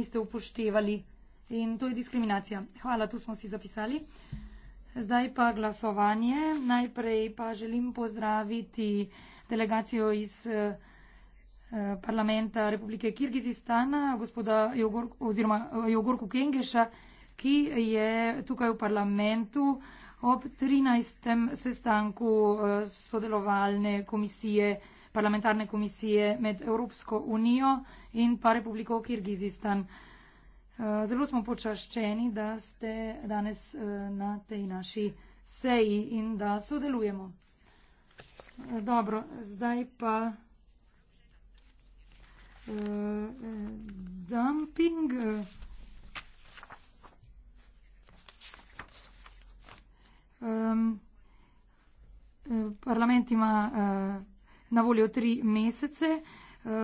niste upoštevali. In to je diskriminacija. Hvala, tu smo si zapisali. Zdaj pa glasovanje. Najprej pa želim pozdraviti delegacijo iz eh, parlamenta Republike Kirgizistana, gospoda Jogor, oziroma eh, Jogorku Kengeša, ki je tukaj v parlamentu ob 13. sestanku eh, sodelovalne komisije parlamentarne komisije med Evropsko unijo in pa Republiko Kirgizistan. Eh, zelo smo počaščeni, da ste danes eh, na tej naši seji in da sodelujemo. Eh, dobro, zdaj pa uh, dumping. Um, parlament ima uh, na voljo tri mesece.